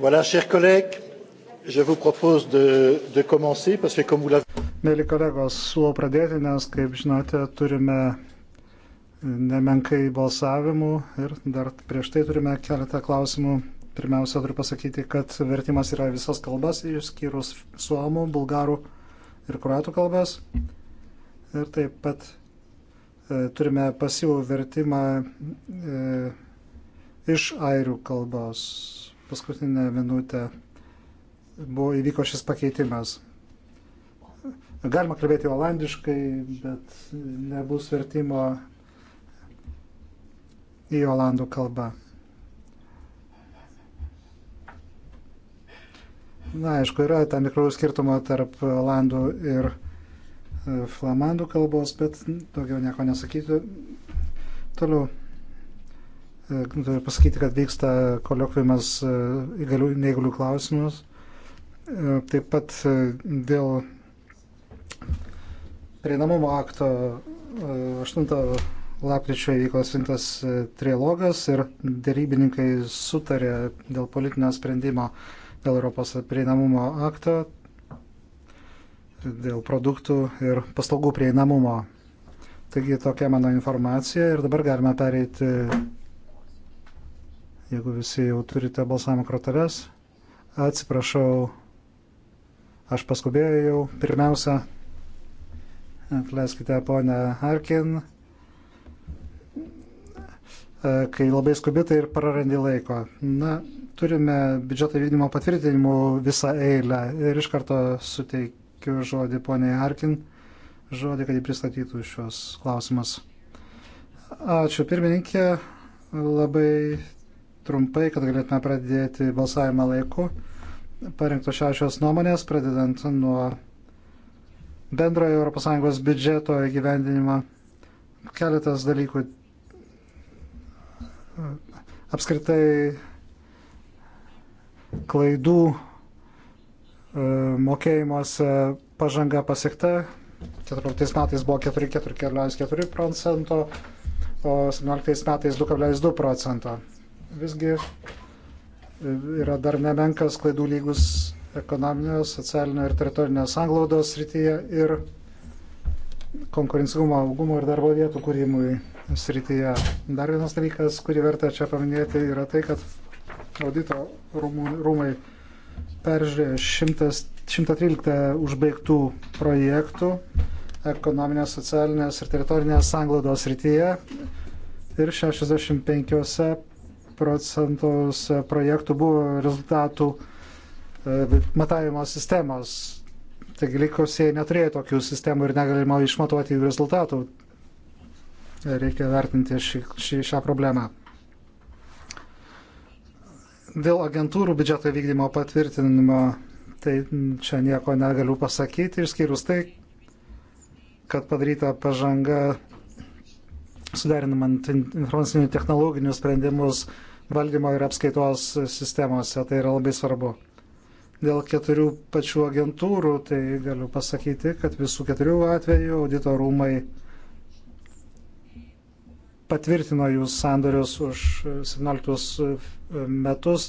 Voilà, chers collègues, je vous propose de, de commencer parce que comme vous l'avez. Mėly kolegos, siūlau pradėti, nes, kaip žinote, turime e, nemenkai balsavimų ir dar prieš tai turime keletą klausimų. Pirmiausia, turiu pasakyti, kad vertimas yra visas kalbas, išskyrus suomų, bulgarų ir kruatų kalbas. Ir taip pat e, turime pasyvų vertimą e, iš airių kalbos paskutinę minutę buvo įvyko šis pakeitimas. Galima kalbėti olandiškai, bet nebus vertimo į olandų kalbą. Na, aišku, yra tam tikrų skirtumų tarp olandų ir e, flamandų kalbos, bet daugiau nieko nesakysiu. Toliau. Turiu e, pasakyti, kad vyksta kolokviumas e, neįgalių klausimus. E, taip pat dėl prieinamumo akto 8 lapkričio įvyko svintas trilogas ir dėrybininkai sutarė dėl politinio sprendimo dėl Europos prieinamumo akto, dėl produktų ir paslaugų prieinamumo. Taigi tokia mano informacija ir dabar galime pereiti jeigu visi jau turite balsavimo korteles. Atsiprašau, aš paskubėjau jau. Pirmiausia, atleiskite ponę Harkin. E, kai labai skubi, tai ir prarandi laiko. Na, turime biudžeto vykdymo patvirtinimų visą eilę ir iš karto suteikiu žodį poniai Harkin, žodį, kad jį pristatytų šios klausimus. Ačiū pirmininkė, labai trumpai, kad galėtume pradėti balsavimą laiku. Parinktos šešios nuomonės, pradedant nuo bendrojo ES biudžeto įgyvendinimo. Keletas dalykų. Apskritai klaidų e, mokėjimuose pažanga pasiekta. 14 metais buvo 4,4 procento, o 17 metais 2,2 procento visgi e, yra dar nemenkas klaidų lygus ekonominio, socialinio ir teritorinio sanglaudos srityje ir konkurencingumo augumo ir darbo vietų kūrimui srityje. Dar vienas dalykas, kurį verta čia paminėti, yra tai, kad audito rūmų, rūmai peržiūrėjo 113 užbaigtų projektų ekonominės, socialinės ir teritorinės sanglaudos srityje ir 65 procentus e, projektų buvo rezultatų e, matavimo sistemos. Taigi likusieji neturėjo tokių sistemų ir negalima išmatuoti jų rezultatų. Reikia vertinti šį, šį, šią problemą. Dėl agentūrų biudžeto vykdymo patvirtinimo, tai čia nieko negaliu pasakyti, išskyrus tai, kad padaryta pažanga suderinant informacinių technologinių sprendimus valdymo ir apskaitos sistemose. Tai yra labai svarbu. Dėl keturių pačių agentūrų, tai galiu pasakyti, kad visų keturių atvejų audito rūmai patvirtino jų sandorius už 17 e, metus.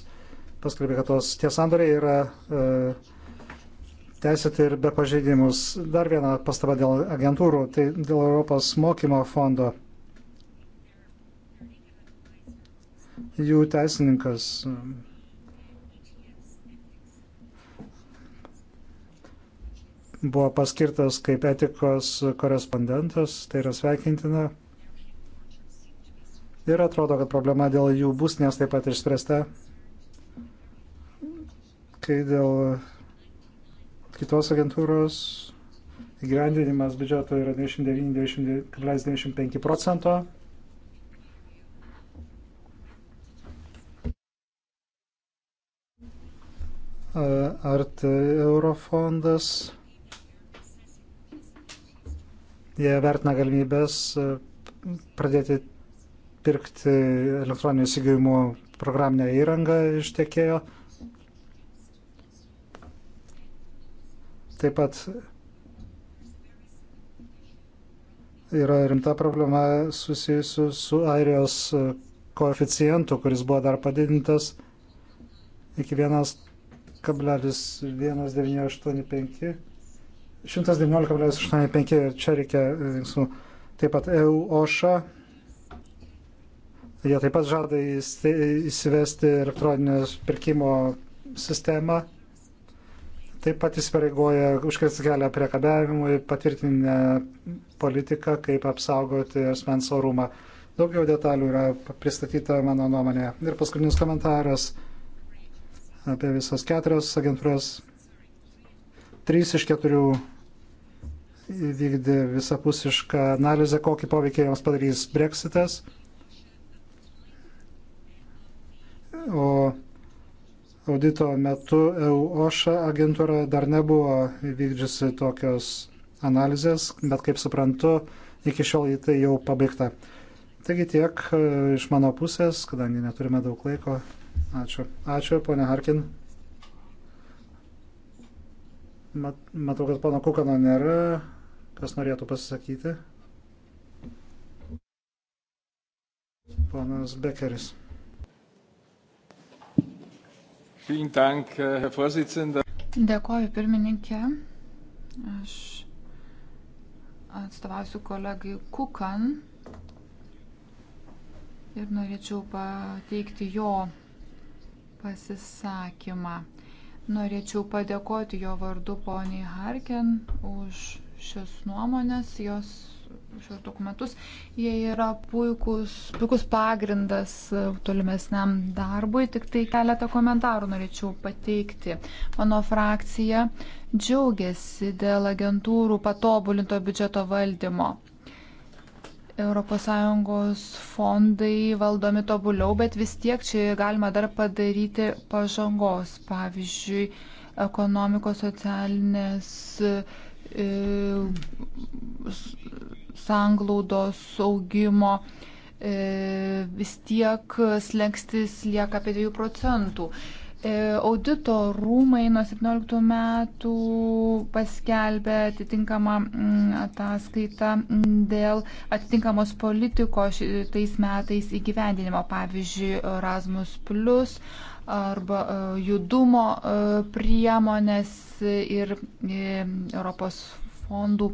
Paskelbė, kad tos tie sandoriai yra e, teisėti ir be pažeidimus. Dar viena pastaba dėl agentūrų, tai dėl Europos mokymo fondo. jų teisininkas. Mm, buvo paskirtas kaip etikos korespondentas, tai yra sveikintina. Ir atrodo, kad problema dėl jų būsnės taip pat išspręsta, kai dėl kitos agentūros įgyvendinimas biudžeto yra 99,95 procento Ar tai Eurofondas jie vertina galimybės pradėti pirkti elektroninių įsigijimų programinę įrangą iš tiekėjo. Taip pat yra rimta problema susijusi su Airijos koeficientu, kuris buvo dar padidintas iki 1 119,85. 119,85 čia reikia veiksmų. Taip pat EU OŠA. Jie taip pat žada įsivesti elektroninės pirkimo sistemą. Taip pat įsipareigoja užkirsti kelią priekabiavimui, patvirtinę politiką, kaip apsaugoti asmens orumą. Daugiau detalių yra pristatyta mano nuomonė. Ir paskutinis komentaras apie visas keturias agentūras. Trys iš keturių vykdė visapusišką analizę, kokį poveikį joms padarys Brexitas. O audito metu EUOŠA agentūra dar nebuvo vykdžiusi tokios analizės, bet kaip suprantu, iki šiol į tai jau pabaigta. Taigi tiek e, iš mano pusės, kadangi neturime daug laiko. Ačiū. Ačiū, ponia Harkin. Mat, matau, kad pono Kukano nėra. Kas norėtų pasisakyti? Ponas Bekeris. Äh, Dėkoju pirmininkė. Aš atstovausiu kolegai Kukan ir norėčiau pateikti jo pasisakymą. Norėčiau padėkoti jo vardu poniai Harken už šias nuomonės, jos šios dokumentus. Jie yra puikus, puikus pagrindas tolimesniam darbui, tik tai keletą komentarų norėčiau pateikti. Mano frakcija džiaugiasi dėl agentūrų patobulinto biudžeto valdymo. ES fondai valdomi tobuliau, bet vis tiek čia galima dar padaryti pažangos. Pavyzdžiui, ekonomikos socialinės e, sanglaudos augimo e, vis tiek slengstis lieka apie 2 procentų. E, audito rūmai nuo 17 metų paskelbė atitinkamą mm, ataskaitą mm, dėl atitinkamos politikos tais metais įgyvendinimo, pavyzdžiui, Erasmus Plus arba e, judumo e, priemonės ir Europos fondų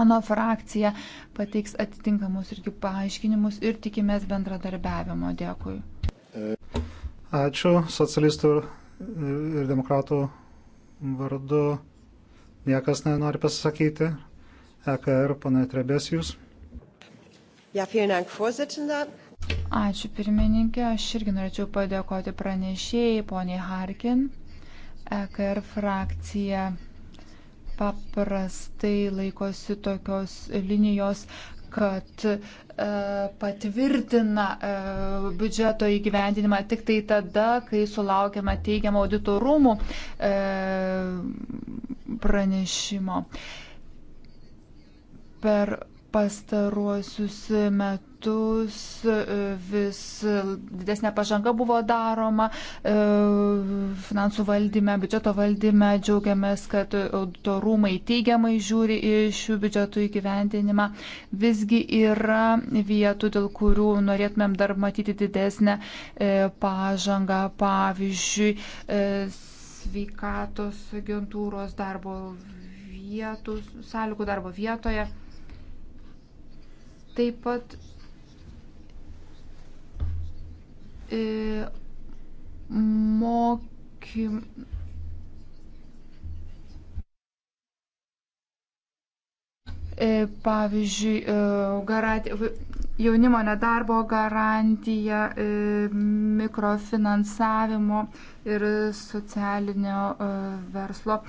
mano frakcija pateiks atitinkamus irgi paaiškinimus ir tikimės bendradarbiavimo. Dėkui. Ačiū socialistų ir demokratų vardu. Niekas nenori pasisakyti. EKR, pana Trebesijus. Ja, Dank, Ačiū pirmininkė, aš irgi norėčiau padėkoti pranešėjai, poniai Harkin. EKR frakcija paprastai laikosi tokios linijos, kad e, patvirtina e, biudžeto įgyvendinimą tik tai tada, kai sulaukiama teigiamo auditorumų e, pranešimo. Per pastaruosius metus metus e, vis didesnė pažanga buvo daroma e, finansų valdyme, biudžeto valdyme. Džiaugiamės, kad auditorumai teigiamai žiūri į šių biudžetų įgyvendinimą. Visgi yra vietų, dėl kurių norėtumėm dar matyti didesnę e, pažangą. Pavyzdžiui, sveikatos agentūros darbo vietų, sąlygų darbo vietoje. Taip pat E, mokym. E, pavyzdžiui, e, garantija, jaunimo nedarbo garantija, mikrofinansavimo ir socialinio verslo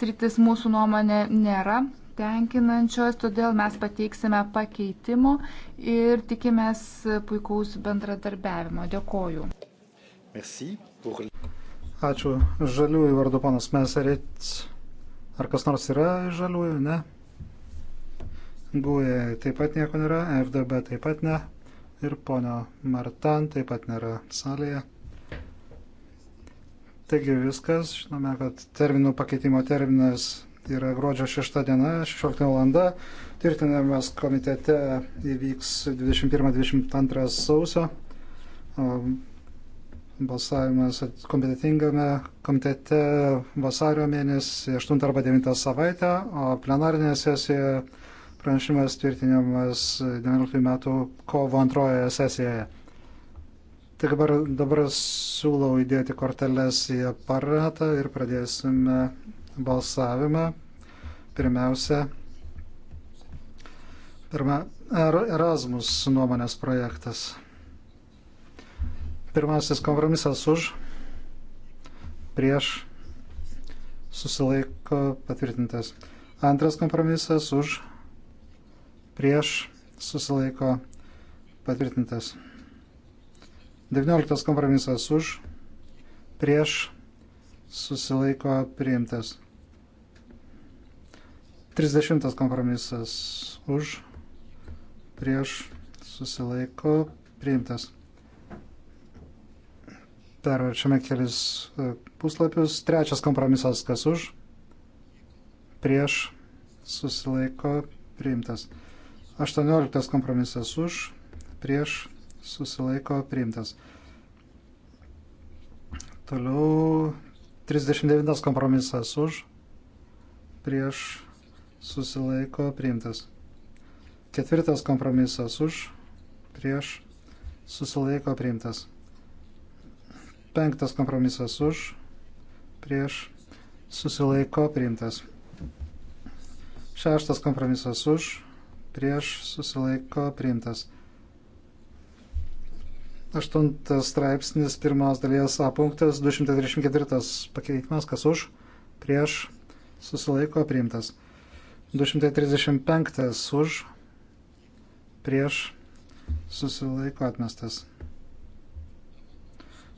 sritis mūsų nuomonė nėra tenkinančios, todėl mes pateiksime pakeitimų ir tikimės puikaus bendradarbiavimo. Dėkoju. Pour... Ačiū. Žaliųjų vardu panas Meserits. Ar kas nors yra žaliųjų? Ne. Gūje taip pat nieko nėra, FDB taip pat ne. Ir ponio Martan taip pat nėra salėje. Taigi viskas, žinome, kad terminų pakeitimo terminas yra gruodžio 6 diena, 16 valanda. Tvirtinamas komitete įvyks 21-22 sausio. Balsavimas kompetitingame komitete vasario mėnesį 8 arba 9 savaitę, o plenarinė sesija pranešimas tvirtinamas 19 metų kovo antrojoje sesijoje. Tai dabar, dabar siūlau įdėti korteles į aparatą ir pradėsime balsavime. Pirmiausia, pirma, Erasmus nuomonės projektas. Pirmasis kompromisas už, prieš, susilaiko patvirtintas. Antras kompromisas už, prieš, susilaiko patvirtintas. 19 kompromisas už, prieš, susilaiko priimtas. 30 kompromisas už, prieš, susilaiko, priimtas. Perverčiame kelis e, puslapius. Trečias kompromisas, kas už, prieš, susilaiko, priimtas. 18 kompromisas už, prieš, susilaiko, priimtas. Toliau 39 kompromisas už, prieš, susilaiko priimtas. Ketvirtas kompromisas už, prieš, susilaiko priimtas. Penktas kompromisas už, prieš, susilaiko priimtas. Šeštas kompromisas už, prieš, susilaiko priimtas. Aštuntas straipsnis, pirmos dalies A punktas, 234 pakeitimas, kas už, prieš, susilaiko priimtas. 235 už, prieš, susilaiko atmestas.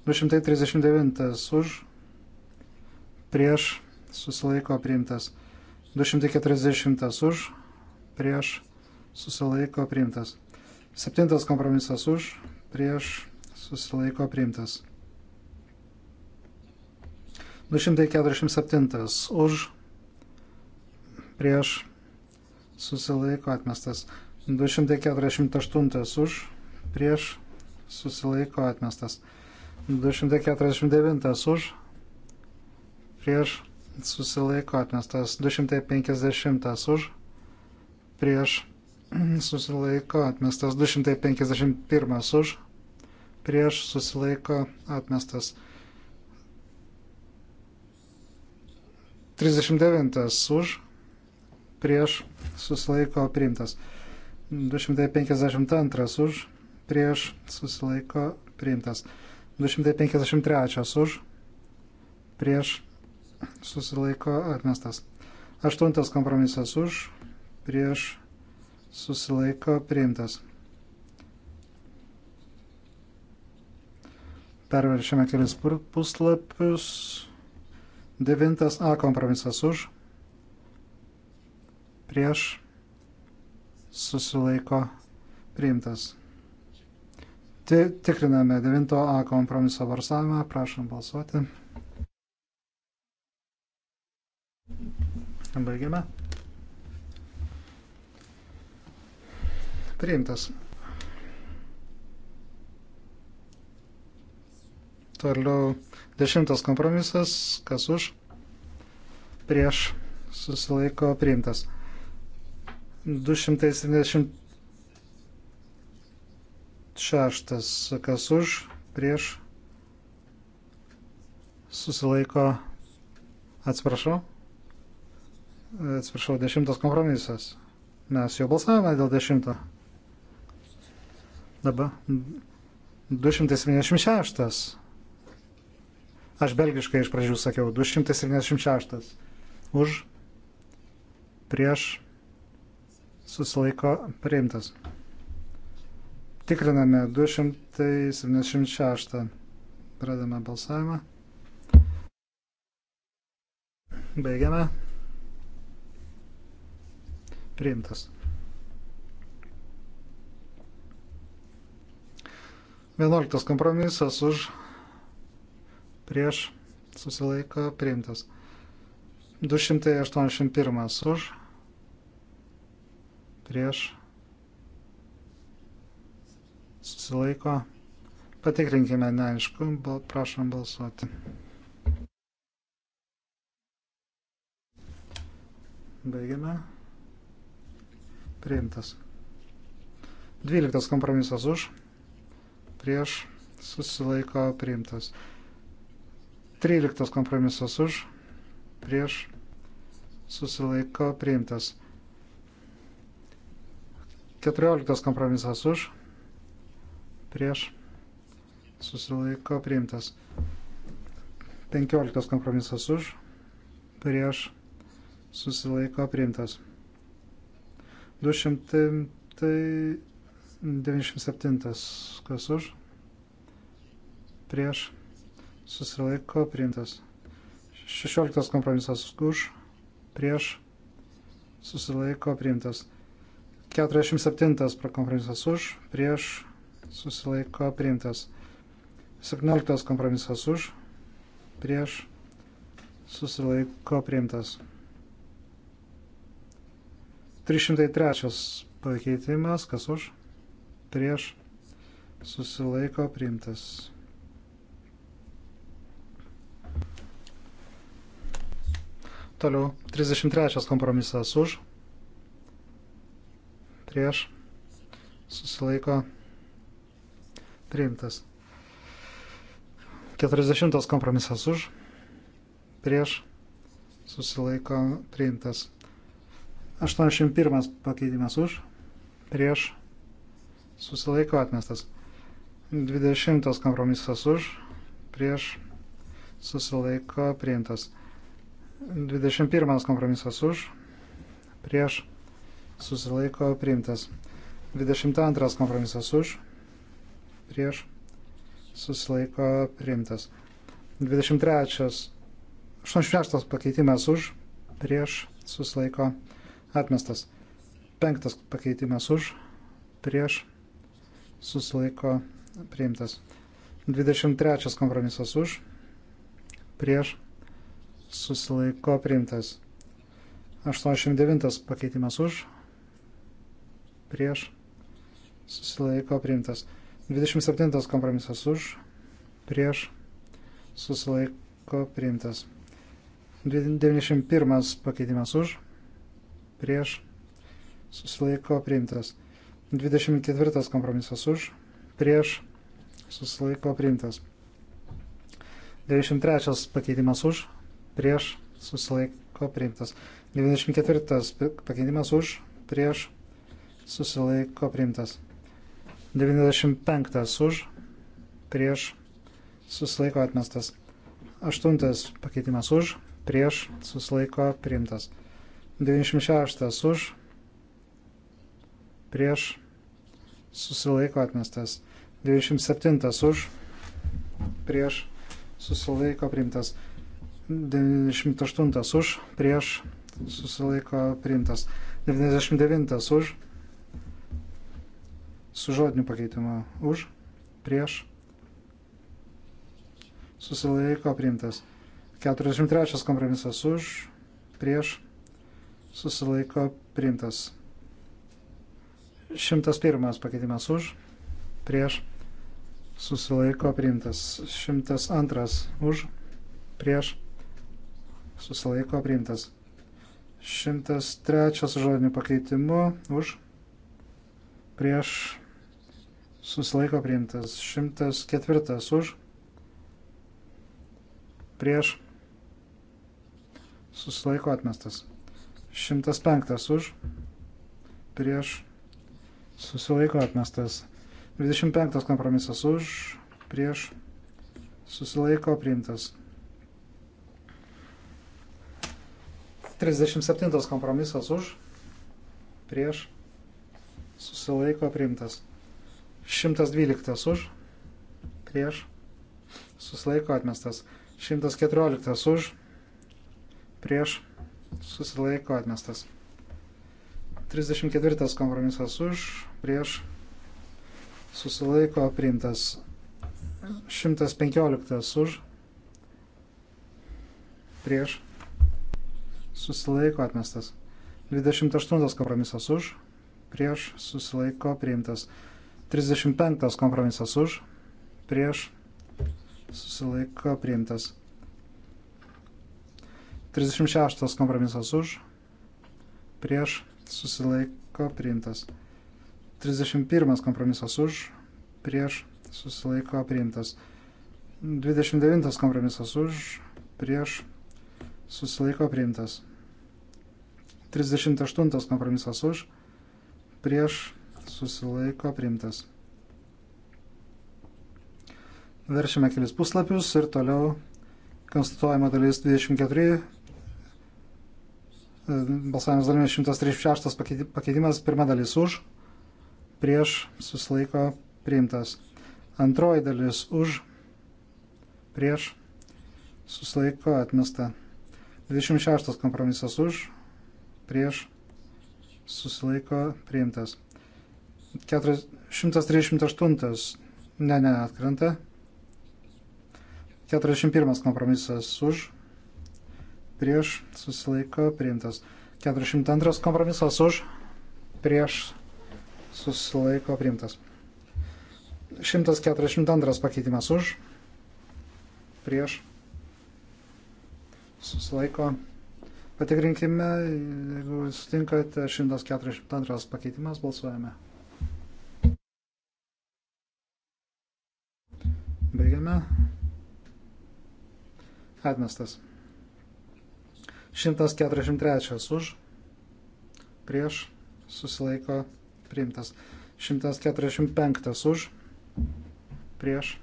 239 už, prieš, susilaiko priimtas. 240 už, prieš, susilaiko priimtas. 7 kompromisas už, prieš, susilaiko priimtas. 247 už, prieš susilaiko atmestas. 248 už prieš susilaiko atmestas. 249 už prieš susilaiko atmestas. 250 už prieš susilaiko atmestas. 251 už prieš susilaiko atmestas. 39 už prieš susilaiko priimtas. 252 už prieš susilaiko priimtas. 253 už prieš susilaiko atmestas. 8 kompromisas už prieš susilaiko priimtas. Perverčiame kelis puslapius. 9a kompromisas už, prieš susilaiko priimtas. Tikriname 9A kompromiso varsavimą, prašom balsuoti. Baigiame. Priimtas. Toliau dešimtas kompromisas, kas už, prieš, susilaiko priimtas. 276 kas už, prieš, susilaiko, atsiprašau, atsiprašau, dešimtas kompromisas. Mes jau balsavome dėl dešimto. Dabar 276. Aš belgiškai iš pradžių sakiau 276. Už, prieš, susilaiko priimtas. Tikriname 276. Pradame balsavimą. Baigiame. Priimtas. 11 kompromisas už prieš susilaiko priimtas. 281 už prieš, susilaiko. Patikrinkime, neaišku, prašom balsuoti. Baigiame. Priimtas. 12 kompromisas už, prieš, susilaiko, priimtas. 13 kompromisas už, prieš, susilaiko, priimtas. 14 kompromisas už, prieš, susilaiko priimtas. 15 kompromisas už, prieš, susilaiko priimtas. 297 kas už, prieš, susilaiko priimtas. 16 kompromisas už, prieš, susilaiko priimtas. 47 kompromisas už, prieš susilaiko priimtas. 17 kompromisas už, prieš susilaiko priimtas. 303 pakeitimas, kas už, prieš susilaiko priimtas. Toliau 33 kompromisas už, prieš, susilaiko, priimtas. 40 kompromisas už, prieš, susilaiko, priimtas. 81 pakeitimas už, prieš, susilaiko, atmestas. 20 kompromisas už, prieš, susilaiko, priimtas. 21 kompromisas už, prieš, susilaiko priimtas. 22 kompromisas už, prieš, susilaiko priimtas. 23, 86 pakeitimas už, prieš, susilaiko atmestas. 5 pakeitimas už, prieš, susilaiko priimtas. 23 kompromisas už, prieš, susilaiko priimtas. 89 pakeitimas už, prieš, susilaiko priimtas. 27 kompromisas už, prieš, susilaiko priimtas. 91 pakeitimas už, prieš, susilaiko priimtas. 24 kompromisas už, prieš, susilaiko priimtas. 93 pakeitimas už, prieš, susilaiko priimtas. 94 pakeitimas už, prieš, susilaiko priimtas. 95 už, prieš, susilaiko atmestas. 8 pakeitimas už, prieš, susilaiko priimtas. 96 už, prieš, susilaiko atmestas. 97 už, prieš, susilaiko priimtas. 98 už, prieš, susilaiko priimtas. 99 už, su žodiniu pakeitimu už, prieš, susilaiko priimtas. 43 kompromisas už, prieš, susilaiko priimtas. 101 pakeitimas už, prieš, susilaiko priimtas. 102 už, prieš, susilaiko priimtas. 103 žodiniu pakeitimu už, prieš, susilaiko priimtas 104 už, prieš, susilaiko atmestas 105 už, prieš, susilaiko atmestas 25 kompromisas už, prieš, susilaiko priimtas 37 kompromisas už, prieš, susilaiko priimtas 112 už, prieš, susilaiko atmestas. 114 už, prieš, susilaiko atmestas. 34 kompromisas už, prieš, susilaiko priimtas. 115 už, prieš, susilaiko atmestas. 28 kompromisas už, prieš, susilaiko priimtas. 35 kompromisas už, prieš, susilaiko priimtas. 36 kompromisas už, prieš, susilaiko priimtas. 31 kompromisas už, prieš, susilaiko priimtas. 29 kompromisas už, prieš, susilaiko priimtas. 38 kompromisas už, prieš, susilaiko priimtas. Veršime kelis puslapius ir toliau konstatuojama dalis 24, balsavimas dalimis 136 pakeitimas, pirma dalis už, prieš susilaiko priimtas. Antroji dalis už, prieš susilaiko atmesta. 26 kompromisas už, prieš susilaiko priimtas. 138. Ne, ne, atkrenta. 41 kompromisas už. Prieš susilaiko priimtas. 42 kompromisas už. Prieš susilaiko priimtas. 142 pakeitimas už. Prieš susilaiko. Patikrinkime, jeigu sutinkate, 142 pakeitimas balsuojame. Baigiame. Atmestas. 143 už. Prieš. Susilaiko. Priimtas. 145 už. Prieš.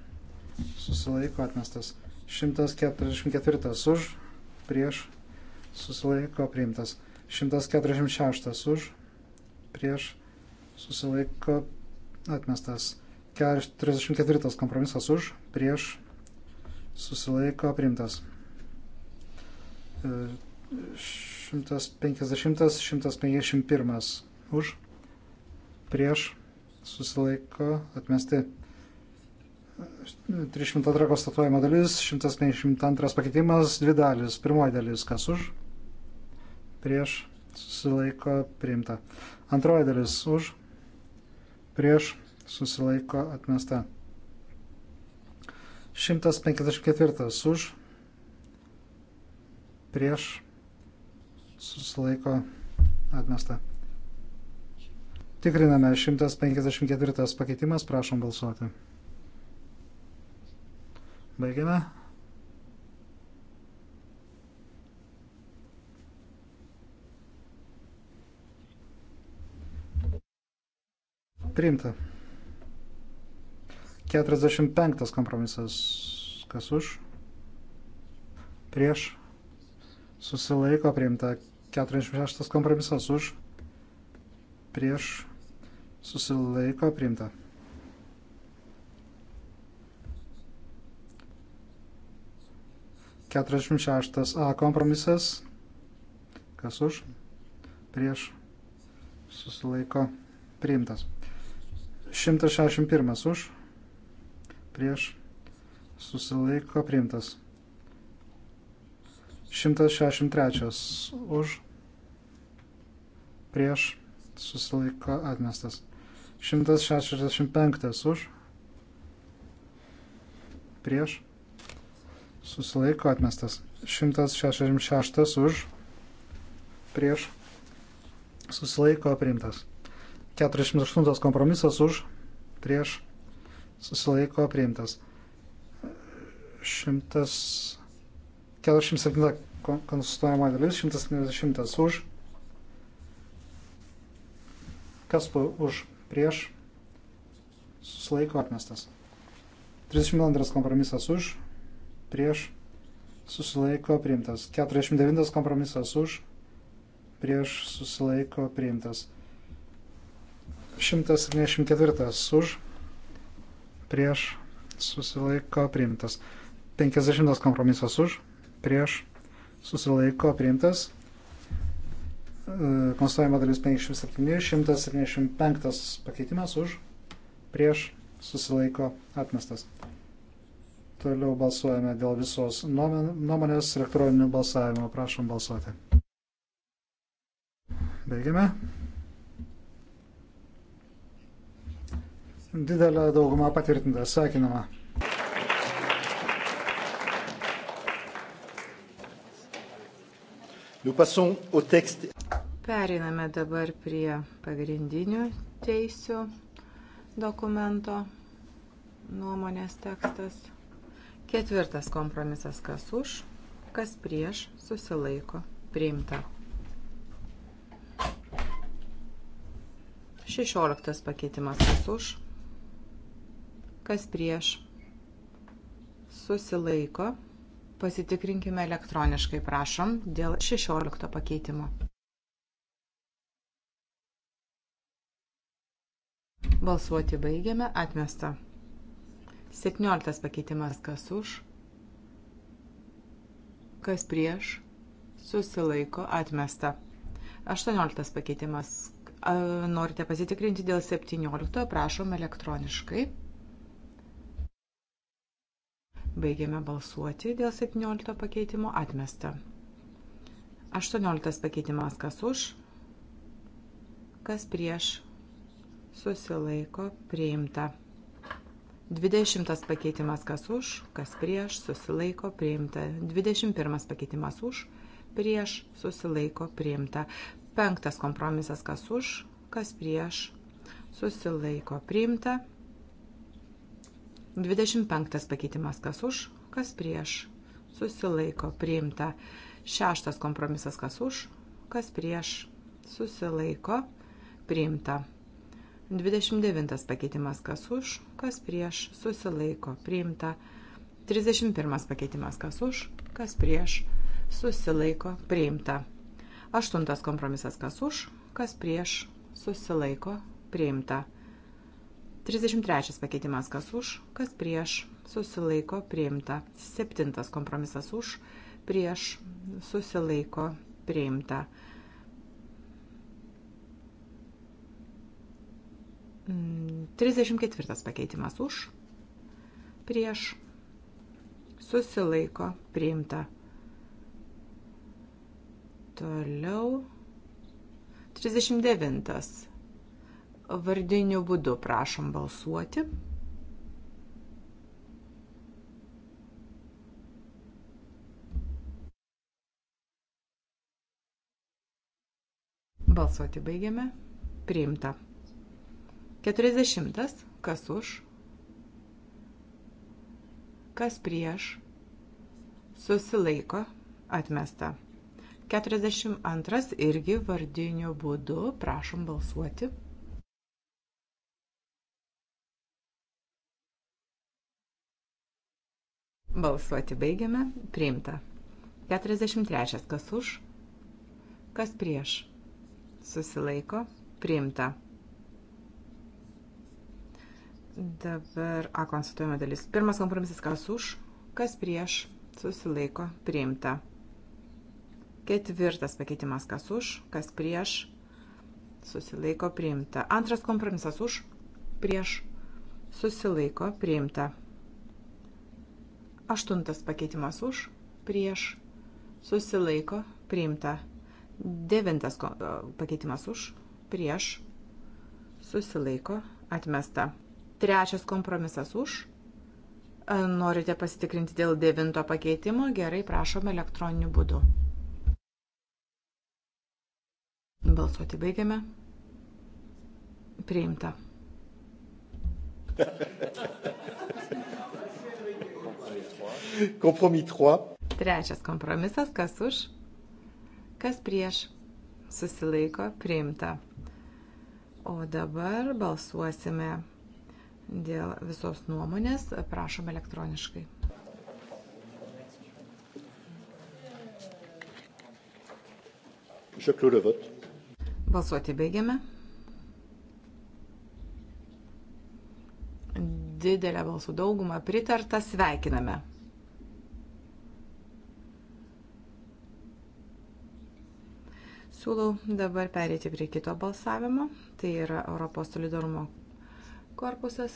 Susilaiko. Atmestas. 144 už. Prieš. Susilaiko. Priimtas. 146 už. Prieš. Susilaiko. Atmestas. 34 kompromisas už prieš susilaiko primtas. 150, 151 už, prieš susilaiko atmesti. 302 konstatuojama dalis, 152 pakeitimas, dvi dalis. Pirmoji dalis, kas už, prieš susilaiko priimta. Antroji dalis už, prieš susilaiko atmesta. 154 už, prieš, susilaiko atmesta. Tikriname 154 pakeitimas, prašom balsuoti. Baigiame. Priimta. 45 kompromisas. Kas už? Prieš. Susilaiko priimta. 46 kompromisas už. Prieš. Susilaiko priimta. Keturiasdešimt šeštas A kompromisas. Kas už? Prieš. Susilaiko priimtas. 161 už prieš susilaiko priimtas. 163 už prieš susilaiko atmestas. 165 už prieš susilaiko atmestas. 166 už prieš susilaiko priimtas. 48 kompromisas už prieš susilaiko priimtas. 147 konstituojama dalis, 170 už. Kas už prieš susilaiko atmestas. 32 kompromisas už, prieš susilaiko priimtas. 49 kompromisas už, prieš susilaiko priimtas. 174 už prieš susilaiko priimtas. 50 kompromisas už, prieš susilaiko priimtas. E, konstatuojama dalis 57, 175 pakeitimas už, prieš susilaiko atmestas. Toliau balsuojame dėl visos nuomonės elektroninių balsavimo. Prašom balsuoti. Baigiame. Didelė dauguma patvirtinta. Sveikinama. Periname dabar prie pagrindinių teisių dokumento nuomonės tekstas. Ketvirtas kompromisas - kas už, kas prieš, susilaiko, priimta. Šešioliktas pakeitimas - kas už, kas prieš, susilaiko. Pasitikrinkime elektroniškai, prašom, dėl 16 pakeitimo. Balsuoti baigiame, atmesta. 17 pakeitimas kas už, kas prieš, susilaiko, atmesta. 18 pakeitimas. Norite pasitikrinti dėl 17, prašom elektroniškai. Baigiame balsuoti dėl 17 pakeitimo atmesta. 18 pakeitimas kas už, kas prieš, susilaiko priimta. 20 pakeitimas kas už, kas prieš, susilaiko priimta. 21 pakeitimas už, prieš, susilaiko priimta. 5 kompromisas kas už, kas prieš, susilaiko priimta. 25 pakeitimas kas už, kas prieš, susilaiko priimta. Šeštas kompromisas kas už, kas prieš, susilaiko priimta. 29 pakeitimas kas už, kas prieš, susilaiko priimta. 31 pakeitimas kas už, kas prieš, susilaiko priimta. 8 kompromisas kas už, kas prieš, susilaiko priimta. 33 pakeitimas kas už, kas prieš, susilaiko priimta. 7 kompromisas už, prieš, susilaiko priimta. Mm, trisdešimt ketvirtas pakeitimas už, prieš, susilaiko, priimta. Toliau, trisdešimt devintas vardiniu būdu. Prašom balsuoti. Balsuoti baigiame. Priimta. 40. Kas už? Kas prieš? Susilaiko. Atmesta. 42. Irgi vardiniu būdu. Prašom balsuoti. Balsuoti baigiame. Priimta. 43. Kas už? Kas prieš? Susilaiko. Priimta. Dabar A konstatuojama dalis. Pirmas kompromisas, kas už, kas prieš, susilaiko, priimta. Ketvirtas pakeitimas, kas už, kas prieš, susilaiko, priimta. Antras kompromisas už, prieš, susilaiko, priimta. Aštuntas pakeitimas už, prieš, susilaiko, priimta. Devintas e, pakeitimas už, prieš, susilaiko, atmesta. Trečias kompromisas už. E, norite pasitikrinti dėl devinto pakeitimo? Gerai, prašom elektroniniu būdu. Balsuoti baigiame. Priimta. Kompromis 3. Trečias kompromisas, kas už, kas prieš, susilaiko priimta. O dabar balsuosime dėl visos nuomonės, prašom elektroniškai. Je clôt le vote. Balsuoti baigiame. Didelę balsų daugumą pritarta sveikiname. Siūlau dabar perėti prie kito balsavimo. Tai yra Europos solidarumo korpusas.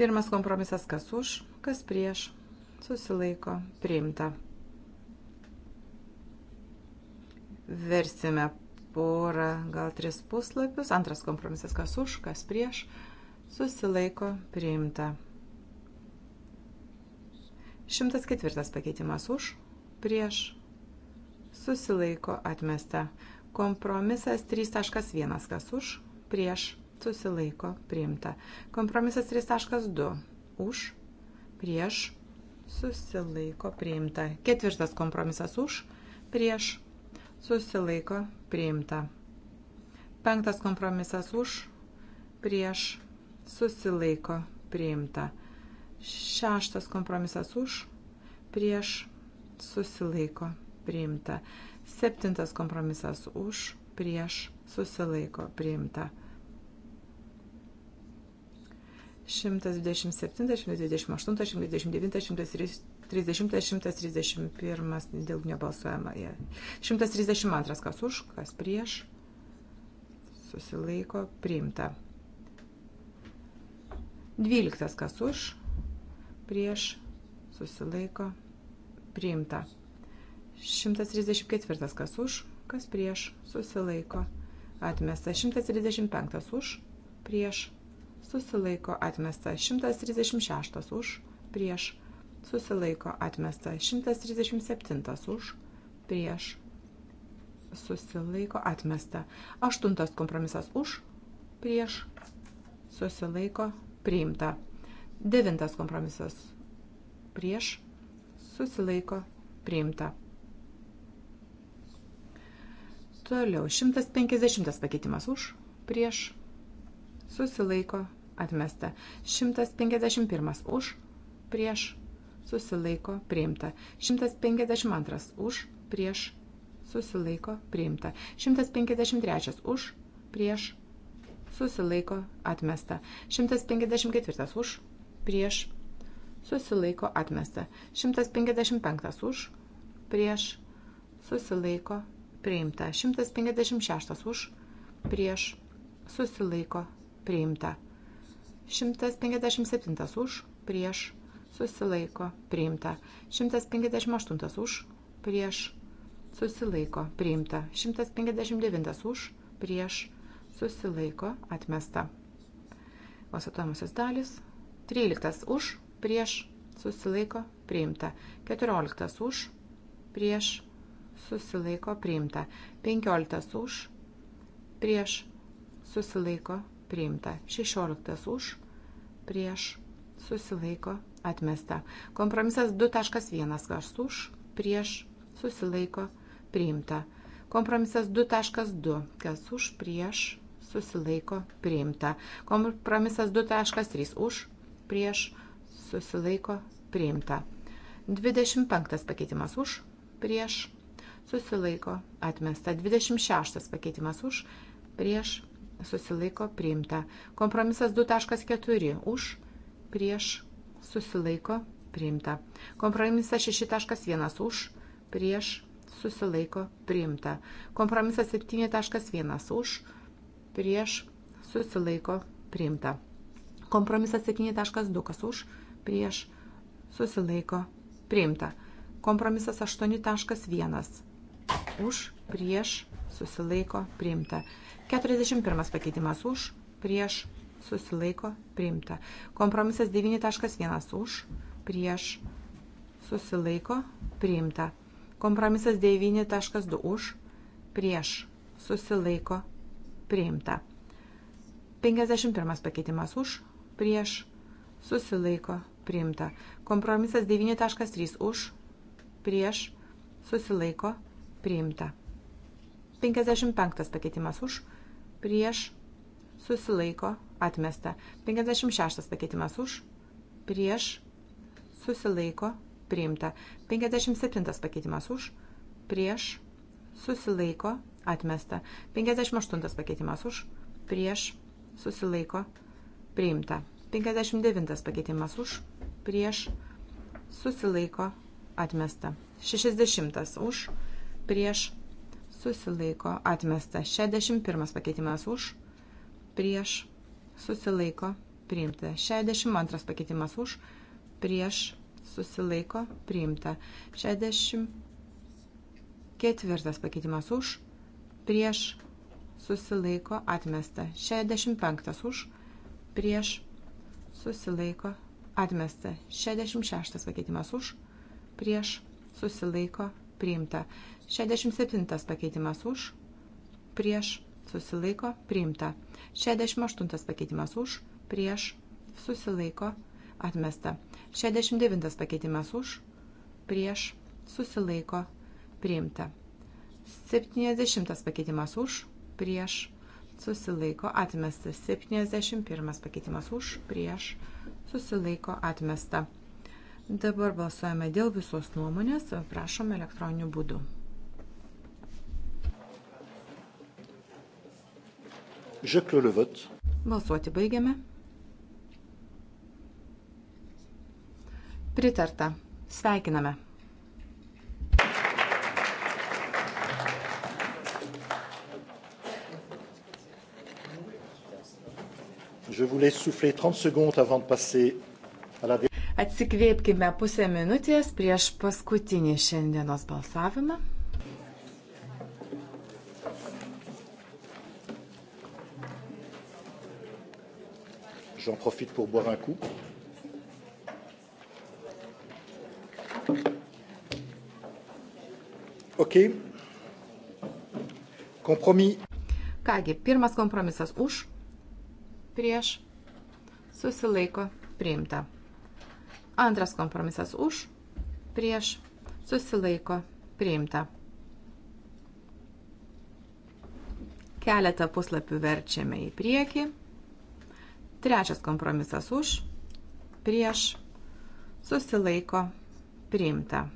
Pirmas kompromisas kas už, kas prieš. Susilaiko priimta. Versime porą, gal tris puslapius. Antras kompromisas kas už, kas prieš. Susilaiko priimta. 104 pakeitimas už, prieš susilaiko atmesta. Kompromisas 3.1, kas už, prieš, susilaiko priimta. Kompromisas 3.2, už, prieš, susilaiko priimta. Ketvirtas kompromisas už, prieš, susilaiko priimta. Penktas kompromisas už, prieš, susilaiko priimta. Šeštas kompromisas už, prieš, susilaiko priimta priimta. Septintas kompromisas už, prieš, susilaiko priimta. 127, 128, 129, 130, 131 dėl nebalsuojama. 132 kas už, kas prieš, susilaiko priimta. 12 kas už, prieš, susilaiko priimta. 134 kas už, kas prieš, susilaiko, atmesta 135 už, prieš, susilaiko, atmesta 136 už, prieš, susilaiko, atmesta 137 už, prieš, susilaiko, atmesta 8 kompromisas už, prieš, susilaiko, priimta 9 kompromisas prieš, susilaiko, priimta Toliau, 150 pakeitimas už, prieš, susilaiko, atmesta. 151 už, prieš, susilaiko, priimta. 152 už, prieš, susilaiko, priimta. 153 už, prieš, susilaiko, atmesta. 154 už, prieš, susilaiko, atmesta. 155 už, prieš, susilaiko, priimta. 156 už, prieš, susilaiko, priimta. 157 už, prieš, susilaiko, priimta. 158 už, prieš, susilaiko, priimta. 159 už, prieš, susilaiko, atmesta. Konstatuojamosios dalis. 13 už, prieš, susilaiko, priimta. 14 už, prieš, susilaiko priimta. 15 už, prieš, susilaiko priimta. 16 už, prieš, susilaiko atmesta. Kompromisas 2.1 kas už, prieš, susilaiko priimta. Kompromisas 2.2 kas už, prieš, susilaiko priimta. Kompromisas 2.3 už, prieš, susilaiko priimta. 25 pakeitimas už, prieš, susilaiko atmesta. 26 pakeitimas už, prieš susilaiko priimta. Kompromisas 2.4 už, prieš susilaiko priimta. Kompromisas 6.1 už, prieš susilaiko priimta. Kompromisas 7.1 už, prieš susilaiko priimta. Kompromisas 7.2 kas už, prieš susilaiko priimta. Kompromisas 8.1 už, prieš, susilaiko, priimta. 41 pakeitimas už, prieš, susilaiko, priimta. Kompromisas 9.1 už, prieš, susilaiko, priimta. Kompromisas 9.2 už, prieš, susilaiko, priimta. 51 pakeitimas už, prieš, susilaiko, priimta. Kompromisas 9.3 už, prieš, susilaiko, priimta priimta. 55 pakeitimas už, prieš, susilaiko, atmesta. 56 pakeitimas už, prieš, susilaiko, priimta. 57 pakeitimas už, prieš, susilaiko, atmesta. 58 pakeitimas už, prieš, susilaiko, priimta. 59 pakeitimas už, prieš, susilaiko, atmesta. 60 už, prieš, prieš susilaiko atmesta. 61 pakeitimas už prieš susilaiko priimta. 62 pakeitimas už prieš susilaiko priimta. 64 pakeitimas už prieš susilaiko atmesta. 65 už prieš susilaiko atmesta. 66 pakeitimas už prieš susilaiko priimta. 67 pakeitimas už, prieš, susilaiko, priimta. 68 pakeitimas už, prieš, susilaiko, atmesta. 69 pakeitimas už, prieš, susilaiko, priimta. 70 pakeitimas už, prieš, susilaiko, atmesta. 71 pakeitimas už, prieš, susilaiko, atmesta. Dabar balsuojame dėl visos nuomonės, prašome elektroniniu būdu. Balsuoti baigiame. Pritarta. Sveikiname. Je vous laisse souffler 30 secondes avant de passer à la Atsikvėpkime pusę minutės prieš paskutinį šiandienos balsavimą. J'en profite pour boire un coup. OK. Kompromis. Kągi, pirmas kompromisas už, prieš, susilaiko, priimta. Antras kompromisas už, prieš, susilaiko, priimta. Keletą puslapių verčiame į priekį. Trečias kompromisas už, prieš, susilaiko, priimta.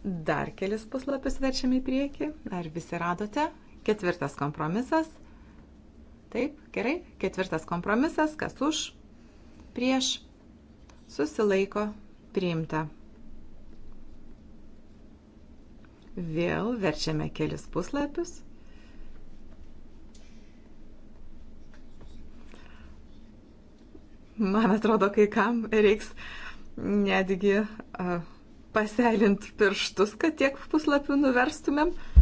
Dar kelis puslapius verčiame į priekį. Ar visi radote? Ketvirtas kompromisas. Taip, gerai. Ketvirtas kompromisas. Kas už? Prieš. Susilaiko. Priimta. Vėl verčiame kelis puslapius. Man atrodo, kai kam reiks netgi uh, paselint pirštus, kad tiek puslapių nuverstumėm. Uh,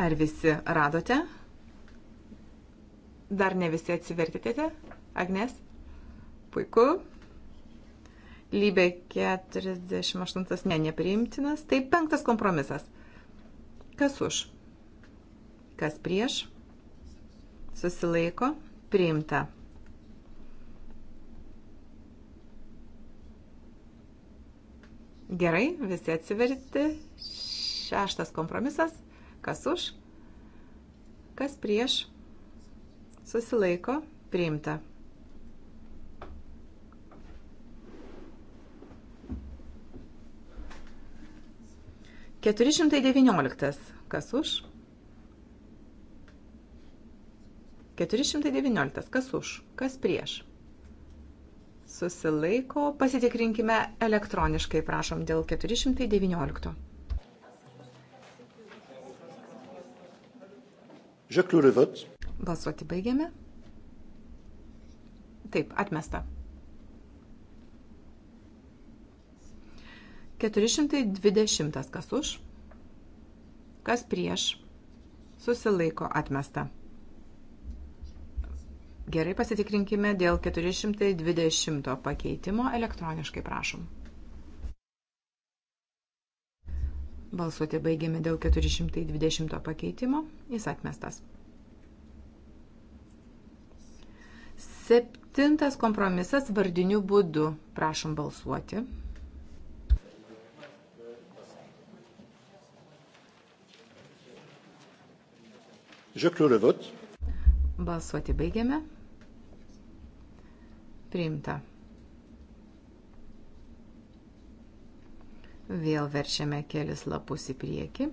Ar visi radote? Dar ne visi atsiverkite, Agnes? Puiku. Lybė 48, ne, nepriimtinas. Tai penktas kompromisas. Kas už? Kas prieš? Susilaiko. Priimta. Gerai, visi atsiverti. Šeštas kompromisas. Kas už? Kas prieš? Susilaiko. Priimta. Keturi šimtai devynioliktas. Kas už? Keturi šimtai devynioliktas. Kas už? Kas prieš? Susilaiko. Pasitikrinkime elektroniškai, prašom, dėl keturi šimtai devyniolikto. Je clôt le vote. Balsuoti baigiame. Taip, atmesta. 420 kas už, kas prieš, susilaiko atmesta. Gerai pasitikrinkime dėl 420 pakeitimo elektroniškai prašom. Balsuoti baigiame dėl 420 pakeitimo. Jis atmestas. Septintas kompromisas vardiniu būdu. Prašom balsuoti. Balsuoti baigiame. Priimta. Vėl verčiame kelis lapus į priekį.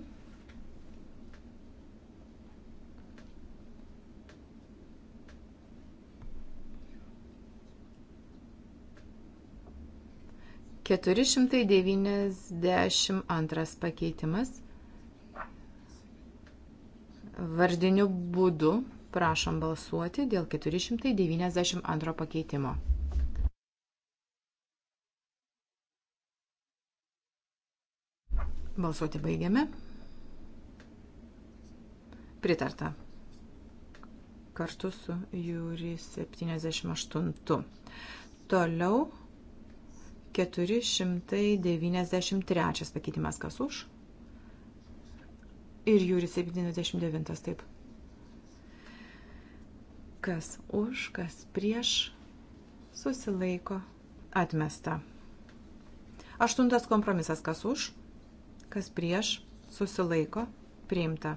Keturi šimtai devyniasdešimt antras pakeitimas. Vardiniu būdu prašom balsuoti dėl 492 pakeitimo. Balsuoti baigiame. Pritarta. Kartu su Jūri 78. Toliau 493 pakeitimas kas už. Ir Jūri 79 taip. Kas už, kas prieš, susilaiko, atmesta. Aštuntas kompromisas kas už kas prieš, susilaiko, priimta.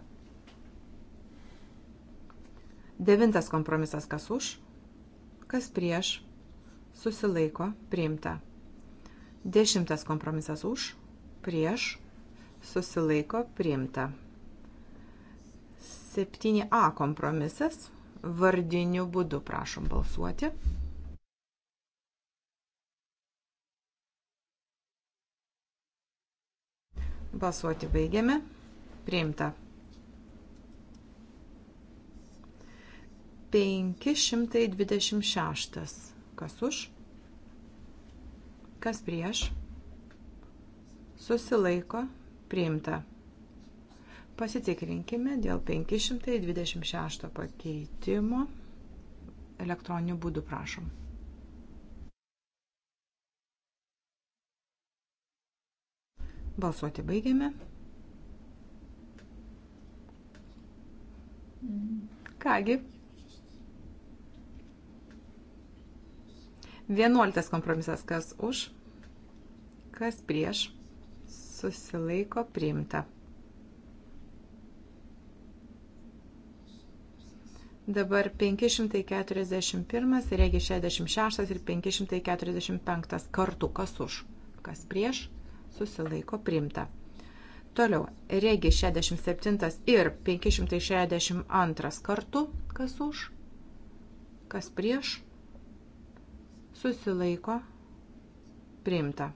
Devintas kompromisas, kas už, kas prieš, susilaiko, priimta. Dešimtas kompromisas už, prieš, susilaiko, priimta. 7a kompromisas, vardiniu būdu prašom balsuoti. Balsuoti baigiame. Priimta. 526. Kas už? Kas prieš? Susilaiko. Priimta. Pasitikrinkime dėl 526 pakeitimo elektroniniu būdu, prašom. Balsuoti baigiame. Kągi. 11 kompromisas, kas už, kas prieš, susilaiko priimta. Dabar 541, regi 66 ir 545 kartu, kas už, kas prieš, susilaiko priimta. Toliau, regi 67 ir 562 kartu, kas už, kas prieš, susilaiko priimta.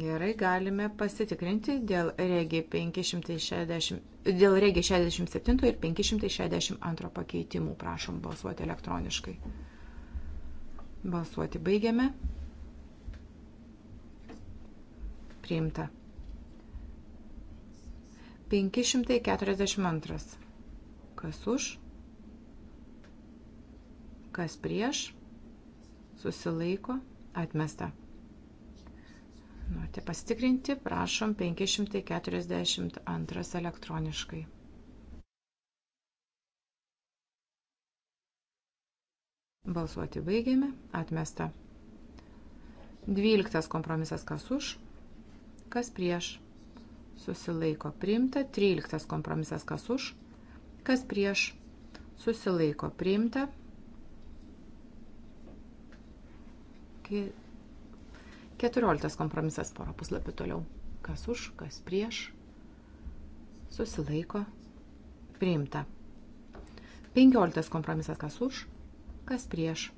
Gerai, galime pasitikrinti dėl regi, 560, dėl regi 67 ir 562 pakeitimų. Prašom balsuoti elektroniškai. Balsuoti baigiame. Priimta. 542. Kas už? Kas prieš? Susilaiko. Atmesta. Norite pasitikrinti, prašom 542 elektroniškai. Balsuoti baigėme, atmesta. 12 kompromisas kas už, kas prieš, susilaiko priimta, 13 kompromisas kas už, kas prieš, susilaiko priimta. Keturioliktas kompromisas porą puslapį toliau. Kas už, kas prieš, susilaiko, priimta. Penkioliktas kompromisas kas už, kas prieš,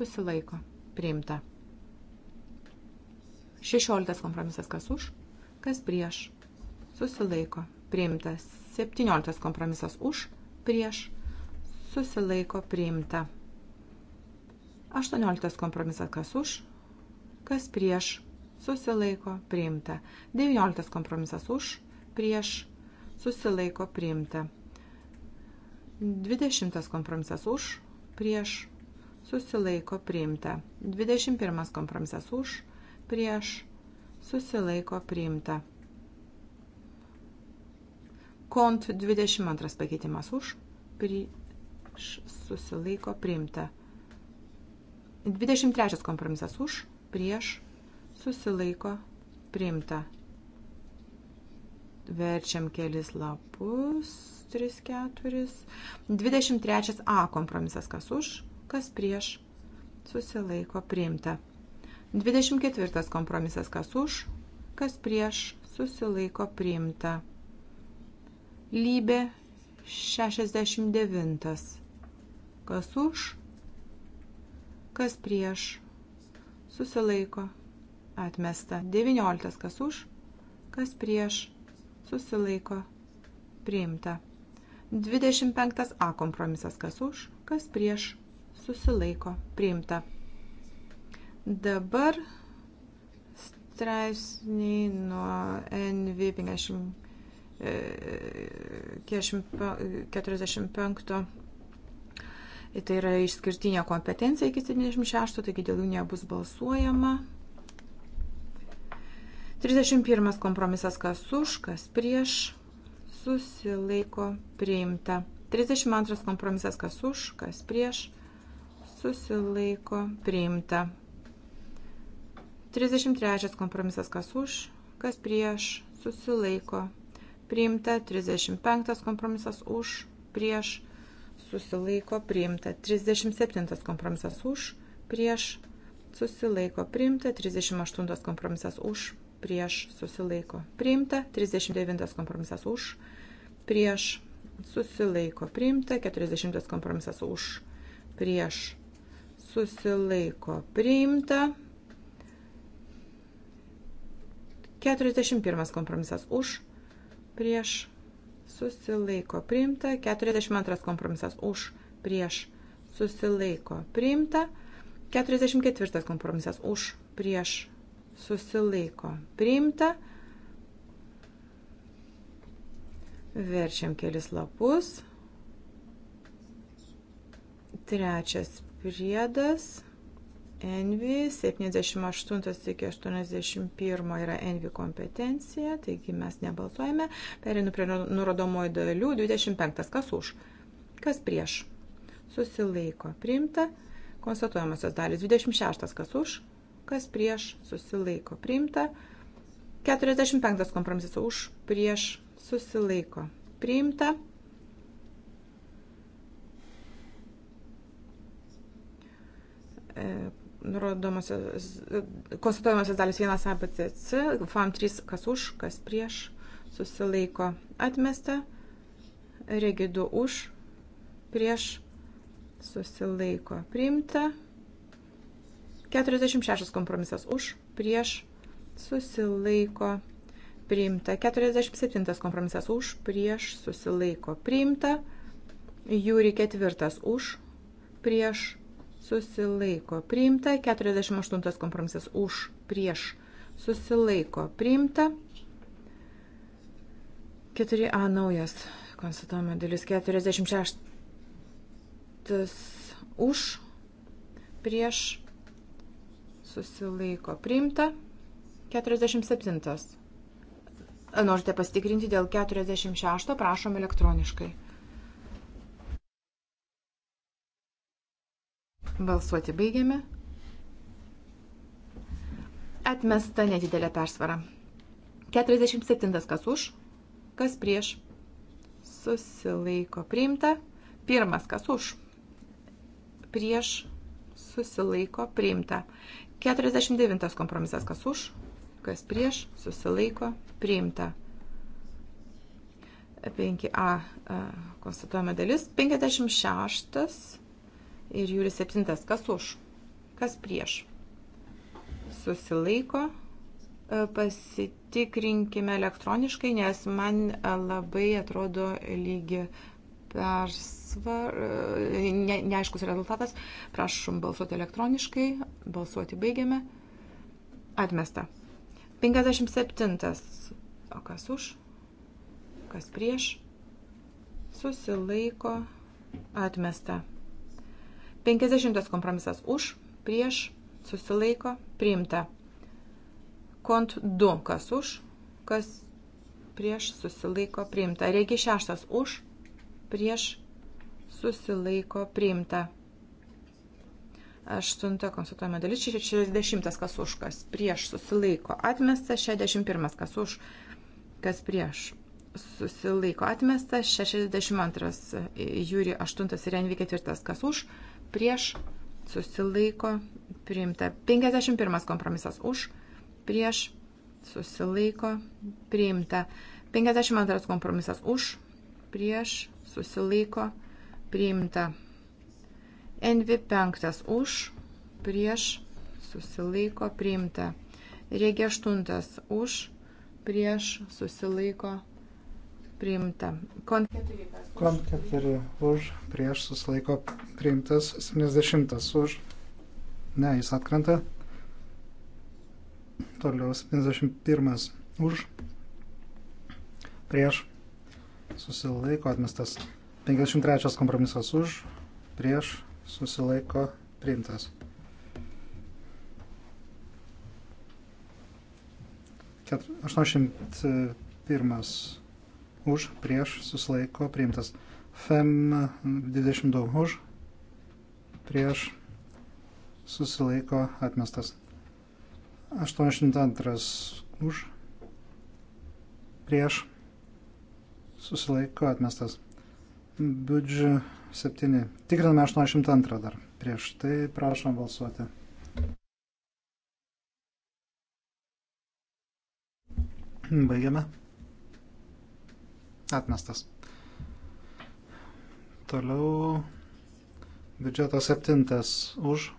susilaiko, priimta. 16 kompromisas kas už, kas prieš, susilaiko, priimta. 17 kompromisas už, prieš, susilaiko, priimta. 18 kompromisas kas už, kas prieš, susilaiko, priimta. 19 kompromisas už, prieš, susilaiko, priimta. 20 kompromisas už, prieš, susilaiko, priimta. 21 kompromisas už, prieš susilaiko priimta. Kont 22 pakeitimas už prieš susilaiko priimta. 23 kompromisas už prieš susilaiko priimta. Verčiam kelis lapus. 3, 4. 23 A kompromisas kas už, kas prieš. Susilaiko priimta. 24 kompromisas kas už, kas prieš, susilaiko priimta. Lybė 69. Kas už, kas prieš, susilaiko atmesta. 19. Kas už, kas prieš, susilaiko priimta. 25. A kompromisas kas už, kas prieš, susilaiko priimta. Dabar straipsniai nuo NV45 e, e, Tai yra išskirtinė kompetencija iki 76, taigi dėl jų nebus balsuojama. 31 kompromisas kas už, kas prieš, susilaiko priimta. 32 kompromisas kas už, kas prieš, susilaiko priimta. 33 kompromisas kas už, kas prieš, susilaiko. Priimta 35 kompromisas už, prieš, susilaiko. Priimta 37 kompromisas už, prieš, susilaiko. Priimta 38 kompromisas už, prieš, susilaiko. Priimta 39 kompromisas už, prieš, susilaiko. Priimta 40 kompromisas už, prieš, susilaiko. Priimta 41 kompromisas už, prieš, susilaiko priimta. 42 kompromisas už, prieš, susilaiko priimta. 44 kompromisas už, prieš, susilaiko priimta. Verčiam kelis lapus. Trečias priedas. Envy, 78 iki 81 yra Envy kompetencija, taigi mes nebalsuojame. Perinu prie nurodomojų dalių, 25. Kas už? Kas prieš? Susilaiko. Priimta. Konstatuojamosios dalis 26. Kas už? Kas prieš? Susilaiko. Priimta. 45. Kompromisas už? Prieš? Susilaiko. Priimta konstatuojamosios dalis 1 APCC, FAM 3 kas už, kas prieš, susilaiko atmesta, regidu už, prieš, susilaiko priimta, 46 kompromisas už, prieš, susilaiko priimta, 47 kompromisas už, prieš, susilaiko priimta, jūri ketvirtas už, prieš, susilaiko priimta, 48 kompromisas už, prieš susilaiko priimta, 4a naujas konstatuojama dalis 46 už, prieš susilaiko priimta, 47. Norite pasitikrinti dėl 46, prašom elektroniškai. Balsuoti baigiame. Atmesta nedidelė persvara. 47 kas už, kas prieš. Susilaiko priimta. Pirmas kas už. Prieš susilaiko priimta. 49 kompromisas kas už, kas prieš susilaiko priimta. 5a e, konstatuojama dalis. 56 ir jūri septintas. Kas už? Kas prieš? Susilaiko. E, pasitikrinkime elektroniškai, nes man e, labai atrodo lygi persvar, e, ne, neaiškus rezultatas. Prašom balsuoti elektroniškai. Balsuoti baigiame. Atmesta. 57. O kas už? Kas prieš? Susilaiko. Atmesta. 50 kompromisas už, prieš, susilaiko, priimta. Kont 2, kas už, kas prieš, susilaiko, priimta. Regi 6 už, prieš, susilaiko, priimta. 8 konsultuojama dalis, 60 kas už, kas prieš, susilaiko, atmesta, 61 kas už, kas prieš, susilaiko atmestas, 62 jūri 8 ir Envi 4 kas už, prieš, susilaiko, priimta. 51 kompromisas už, prieš, susilaiko, priimta. 52 kompromisas už, prieš, susilaiko, priimta. NV5 už, prieš, susilaiko, priimta. Rėgė 8 už, prieš, susilaiko, priimta priimta. Kon 4. Kon 4 už, prieš susilaiko priimtas 70 už. Ne, jis atkrenta. Toliau 71 už, prieš susilaiko atmestas. 53 kompromisas už, prieš susilaiko priimtas. Ket... 81 už, prieš, susilaiko, priimtas. FEM 22 už, prieš, susilaiko, atmestas. 82 už, prieš, susilaiko, atmestas. Biudžio 7. Tikriname 82 dar. Prieš tai prašom balsuoti. Baigiame. Atmestas. Toliau biudžeto septintas už,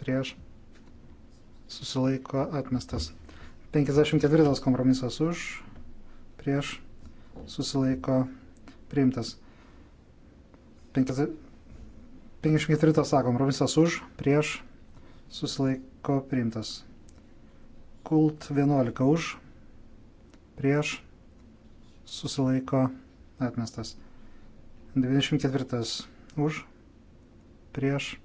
prieš, susilaiko atmestas. 54 kompromisas už, prieš, susilaiko priimtas. 54 sako, kompromisas už, prieš, susilaiko priimtas. Kult 11 už, prieš, susilaiko atmestas. 24 už, prieš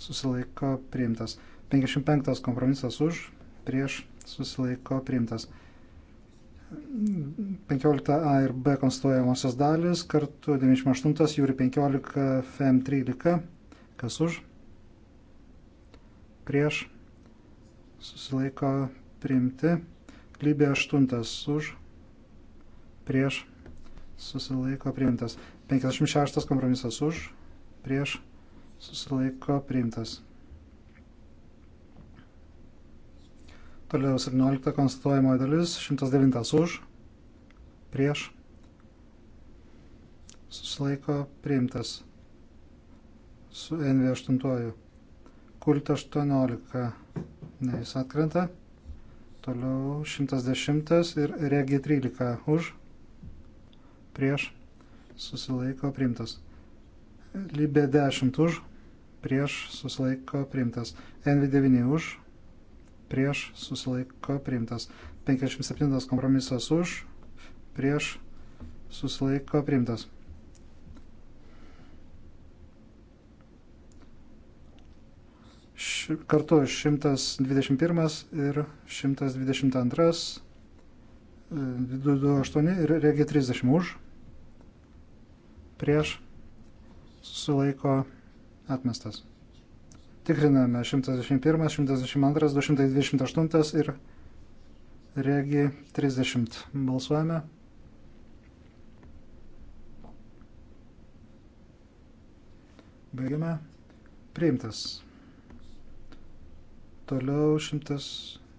susilaiko priimtas. 55 kompromisas už, prieš susilaiko priimtas. 15a ir b konstatuojamosios dalis, kartu 98, jūri 15, FM 13, kas už, prieš, susilaiko priimti, lybė 8 už, prieš, susilaiko priimtas. 56 kompromisas už, prieš, susilaiko priimtas. Toliau 17 konstatuojamoji dalis, 109 už, prieš, susilaiko priimtas su NV8. Kult 18, ne, jis atkrenta. Toliau 110 ir regi 13 už, prieš, susilaiko priimtas. Libė 10 už, prieš, susilaiko priimtas. NV9 už, prieš, susilaiko priimtas. 57 kompromisas už, prieš, susilaiko priimtas. kartu 121 ir 122, 228 e, ir regi 30 už, prieš susilaiko atmestas. Tikriname 121, 122, 228 ir regi 30. Balsuojame. Baigiame. Priimtas. Toliau 100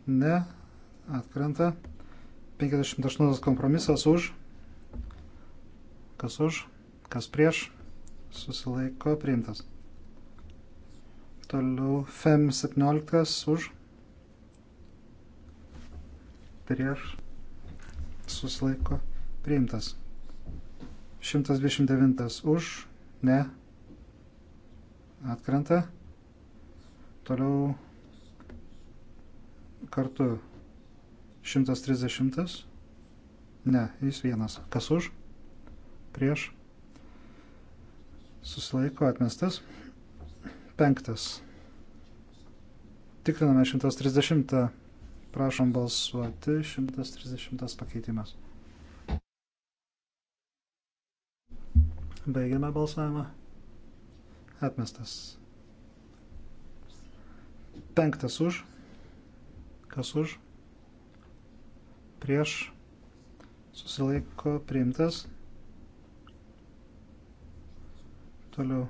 ne. Atkrenta. 58 kompromisas už. Kas už? Kas prieš? Susilaiko priimtas. Toliau FEM 17 už. Prieš. Susilaiko priimtas. 129 už. Ne. Atkrenta. Toliau kartu 130. Ne, jis vienas. Kas už? Prieš susilaiko atmestas. Penktas. Tikriname 130. Prašom balsuoti. 130 pakeitimas. Baigiame balsavimą. Atmestas. Penktas už. Kas už? Prieš. Susilaiko priimtas. Toliau.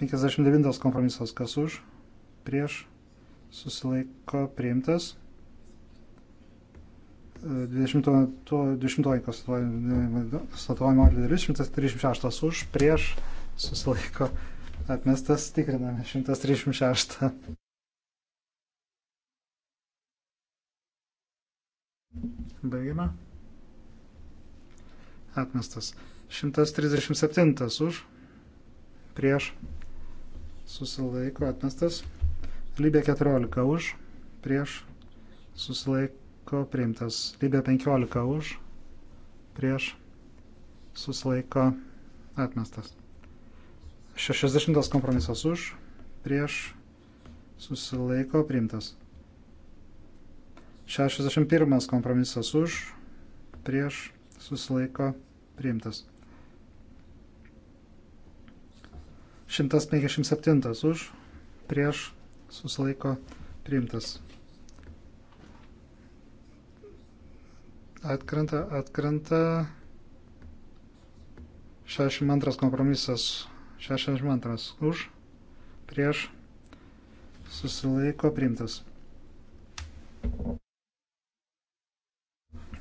59 kompromisas kas už, prieš, susilaiko priimtas. 20 konstatuojimo lyderis 136 už, prieš, susilaiko atmestas, tikriname 136. Baigime. Atmestas. 137 už prieš susilaiko atmestas. Lybė 14 už, prieš susilaiko priimtas. Lybė 15 už, prieš susilaiko atmestas. 60 kompromisas už, prieš susilaiko priimtas. 61 kompromisas už, prieš susilaiko priimtas. 157 už, prieš susilaiko priimtas. Atkrenta, atkrenta. 62 kompromisas. 62 už, prieš susilaiko priimtas.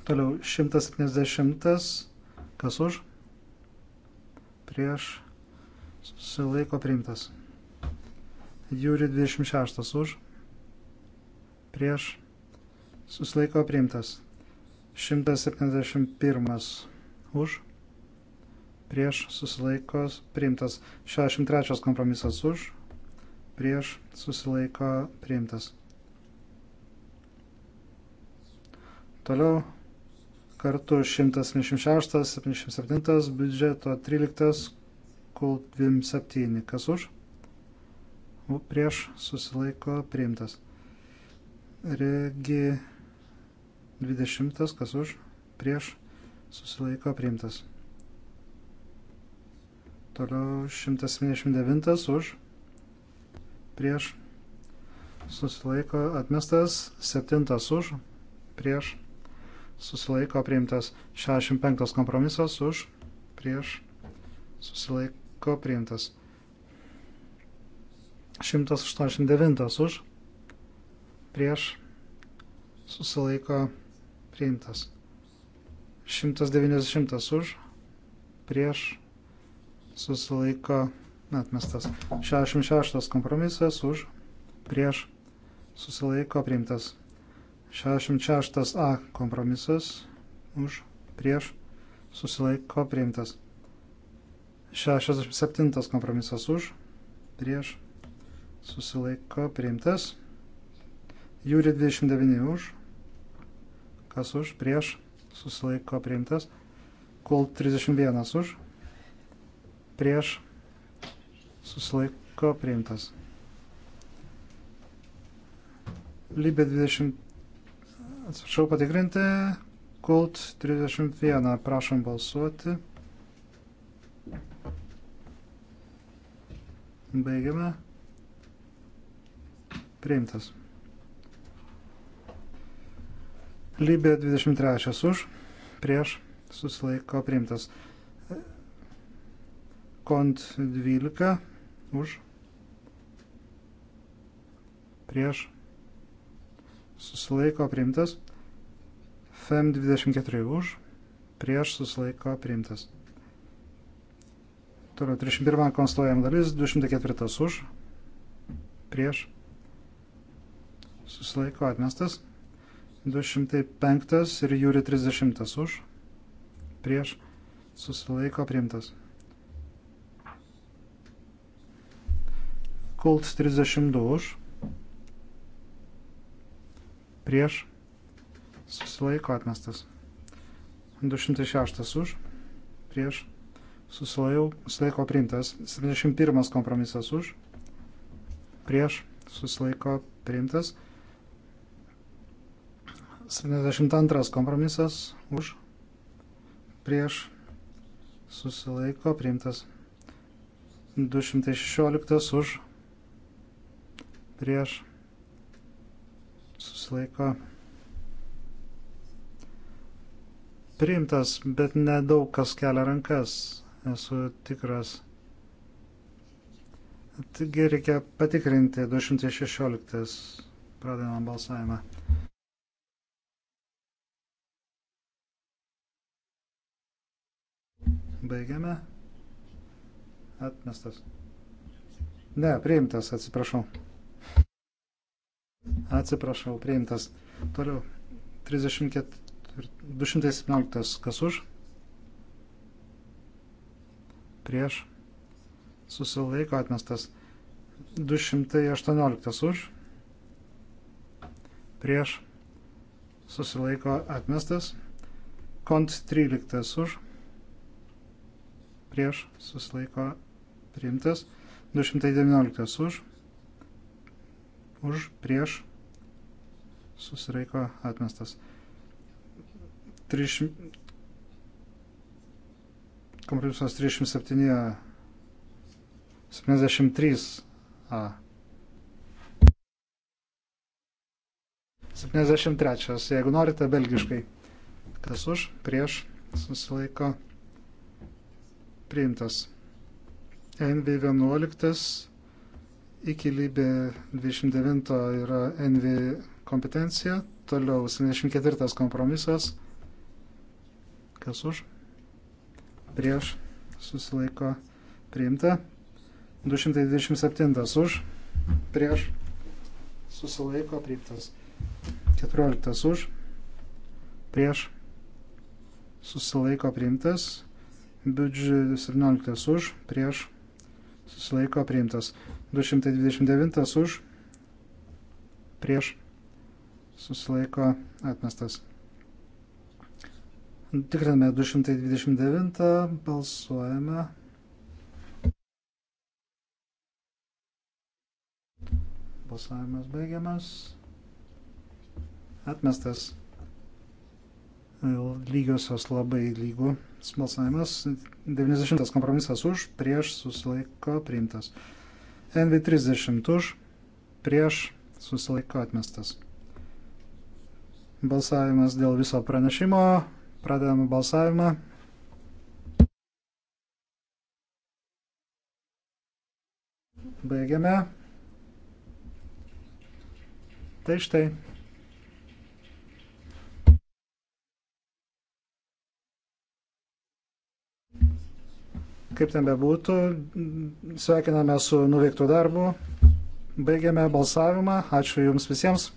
Toliau 170, kas už, prieš susilaiko priimtas. Jūri 26 už, prieš, susilaiko priimtas. 171 už, prieš, susilaiko priimtas. 63 kompromisas už, prieš, susilaiko priimtas. Toliau kartu 176, 77, biudžeto 13, kult 27. Kas už? Prieš susilaiko priimtas. Regi 20. Kas už? Prieš susilaiko priimtas. Toliau 179 už. Prieš susilaiko atmestas. 7 už. Prieš susilaiko priimtas. 65 kompromisas už. Prieš susilaiko Sutko priimtas. 189 už, prieš, susilaiko priimtas. 190 už, prieš, susilaiko atmestas. 66 kompromisas už, prieš, susilaiko priimtas. 66 A kompromisas už, prieš, susilaiko priimtas. 67 kompromisas už, prieš, susilaiko priimtas. Jūri 29 už, kas už, prieš, susilaiko priimtas. Kol 31 už, prieš, susilaiko priimtas. Lybė 20, atsiprašau patikrinti, Kult 31, prašom balsuoti. Baigiame. Priimtas. Libė 23 už, prieš, susilaiko priimtas. Kont 12 už, prieš, susilaiko priimtas. FEM 24 už, prieš, susilaiko priimtas. Toliau 31 konstruojam dalis, 204 už, prieš, susilaiko atmestas, 205 ir jūri 30 už, prieš, susilaiko priimtas. Kult 32 už, prieš, susilaiko atmestas, 206 už, prieš, susilaiau, susilaiko priimtas. 71 kompromisas už, prieš, susilaiko priimtas. 72 kompromisas už, prieš, susilaiko priimtas. 216 už, prieš, susilaiko priimtas. priimtas, bet nedaug kas kelia rankas. Esu tikras. Taigi reikia patikrinti 216. Pradedam balsavimą. Baigiame. Atmestas. Ne, priimtas, atsiprašau. Atsiprašau, priimtas. Toliau. 34, 217. Kas už? prieš, susilaiko atmestas 218 už, prieš, susilaiko atmestas, kont 13 už, prieš, susilaiko priimtas, 219 už, už, prieš, susilaiko atmestas. 300 Kompromisas 37. 73. A. 73. Jeigu norite, belgiškai. Kas už, prieš, susilaiko. Priimtas. NV11 iki lybė 29 yra NV kompetencija. Toliau 74 kompromisas. Kas už? prieš susilaiko priimta. 227 už prieš susilaiko priimtas. 14 už prieš susilaiko priimtas. Biudži 17 už prieš susilaiko priimtas. 229 už prieš susilaiko atmestas. Tikriname 229, balsuojame. Balsavimas baigiamas. Atmestas lygiosios labai lygų balsavimas. 90 kompromisas už, prieš susilaiko priimtas. NV30 už, prieš susilaiko atmestas. Balsavimas dėl viso pranešimo Pradedame balsavimą. Baigiame. Tai štai. Kaip ten bebūtų, sveikiname su nuveiktų darbu. Baigiame balsavimą. Ačiū Jums visiems.